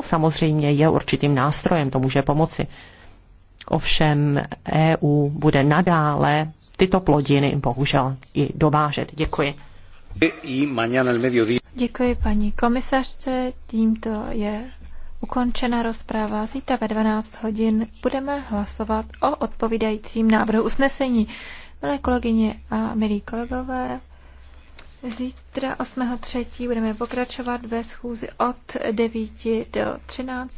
To samozřejmě je určitým nástrojem, to může pomoci. Ovšem EU bude nadále tyto plodiny bohužel i dovážet. Děkuji. Děkuji paní komisařce, tímto je ukončena rozpráva. Zítra ve 12 hodin budeme hlasovat o odpovídajícím návrhu usnesení. Milé kolegyně a milí kolegové, Zítra 8.3. budeme pokračovat ve schůzi od 9 do 13.